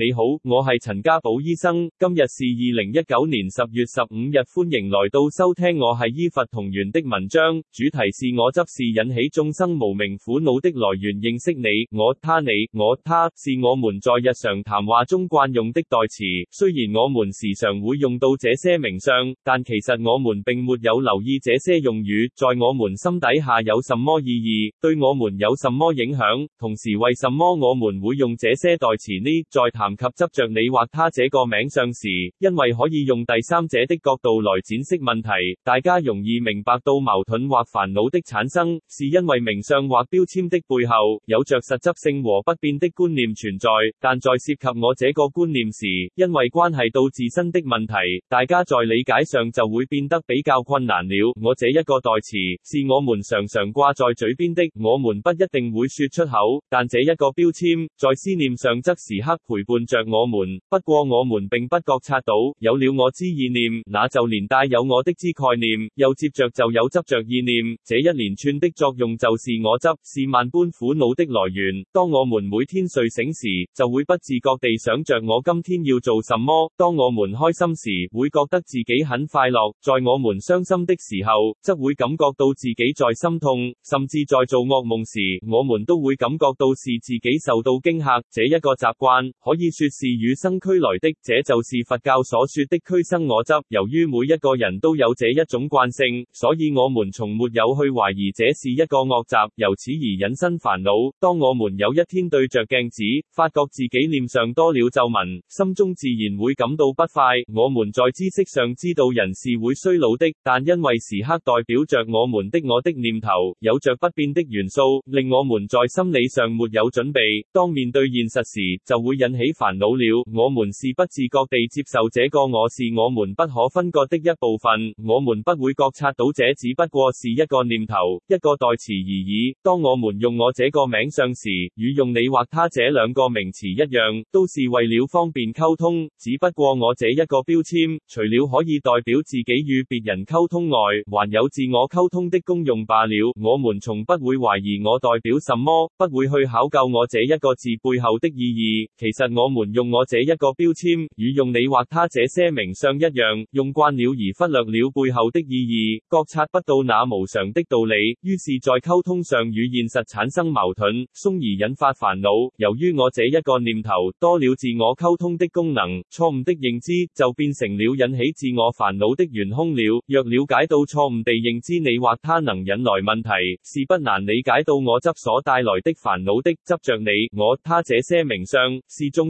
你好，我係陳家寶醫生。今日是二零一九年十月十五日，歡迎來到收聽我係醫佛同源的文章。主題是我執是引起眾生無明苦惱的來源。認識你、我、他、你、我、他，是我們在日常談話中慣用的代詞。雖然我們時常會用到這些名相，但其實我們並沒有留意這些用語在我們心底下有什麼意義，對我們有什麼影響。同時，為什麼我們會用這些代詞呢？再談。及執着你或他這個名相時，因為可以用第三者的角度來展示問題，大家容易明白到矛盾或煩惱的產生，是因為名相或標籤的背後有着實質性和不變的觀念存在。但在涉及我這個觀念時，因為關係到自身的問題，大家在理解上就會變得比較困難了。我這一個代詞是我們常常掛在嘴邊的，我們不一定會說出口，但這一個標籤在思念上則時刻陪伴着我們，不過我們並不覺察到。有了我之意念，那就連帶有我的之概念，又接着就有執着意念。這一連串的作用，就是我執，是萬般苦惱的來源。當我們每天睡醒時，就會不自覺地想着我今天要做什麼。當我們開心時，會覺得自己很快樂；在我們傷心的時候，則會感覺到自己在心痛。甚至在做噩夢時，我們都會感覺到是自己受到驚嚇。這一個習慣可可以說是與生俱來的，這就是佛教所說的俱生我執。由於每一個人都有這一種慣性，所以我們從沒有去懷疑這是一個惡習，由此而引生煩惱。當我們有一天對着鏡子，發覺自己臉上多了皺紋，心中自然會感到不快。我們在知識上知道人是會衰老的，但因為時刻代表着我們的我的念頭有着不變的元素，令我們在心理上沒有準備，當面對現實時，就會引起。煩惱了，我們是不自覺地接受這個，我是我們不可分割的一部分，我們不會覺察到這只不過是一個念頭、一個代詞而已。當我們用我這個名相時，與用你或他這兩個名詞一樣，都是為了方便溝通。只不過我這一個標籤，除了可以代表自己與別人溝通外，還有自我溝通的功用罷了。我們從不會懷疑我代表什麼，不會去考究我這一個字背後的意義。其實我。我們用我這一個標籤與用你或他這些名相一樣，用慣了而忽略了背後的意義，覺察不到那無常的道理，於是，在溝通上與現實產生矛盾，從而引發煩惱。由於我這一個念頭多了自我溝通的功能，錯誤的認知就變成了引起自我煩惱的元兇了。若了解到錯誤地認知你或他能引來問題，是不難理解到我執所帶來的煩惱的執着你、我、他這些名相，是中。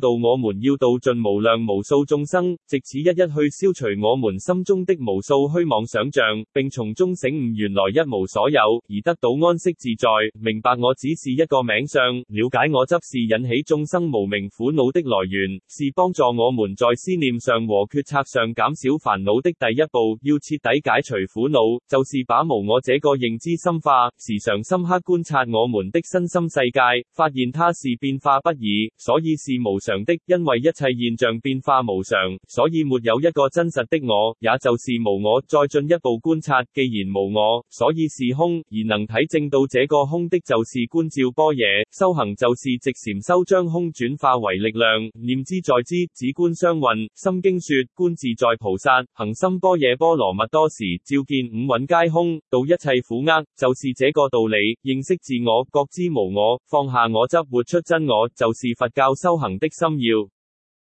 到我們要度盡無量無數眾生，直此一一去消除我們心中的無數虛妄想象，並從中醒悟原來一無所有，而得到安息自在。明白我只是一個名相，了解我執是引起眾生無明苦惱的來源，是幫助我們在思念上和決策上減少煩惱的第一步。要徹底解除苦惱，就是把無我這個認知深化，時常深刻觀察我們的身心世界，發現它是變化不已，所以是無常的，因為一切現象變化無常，所以沒有一個真實的我，也就是無我。再進一步觀察，既然無我，所以是空。而能體證到這個空的，就是觀照般若，修行，就是直禪修，將空轉化為力量。念之在知，止觀相運。心經說觀自在菩薩行深般若波羅蜜多時，照見五蘊皆空，度一切苦厄，就是這個道理。認識自我，覺知無我，放下我則，則活出真我，就是佛教修行的。心要。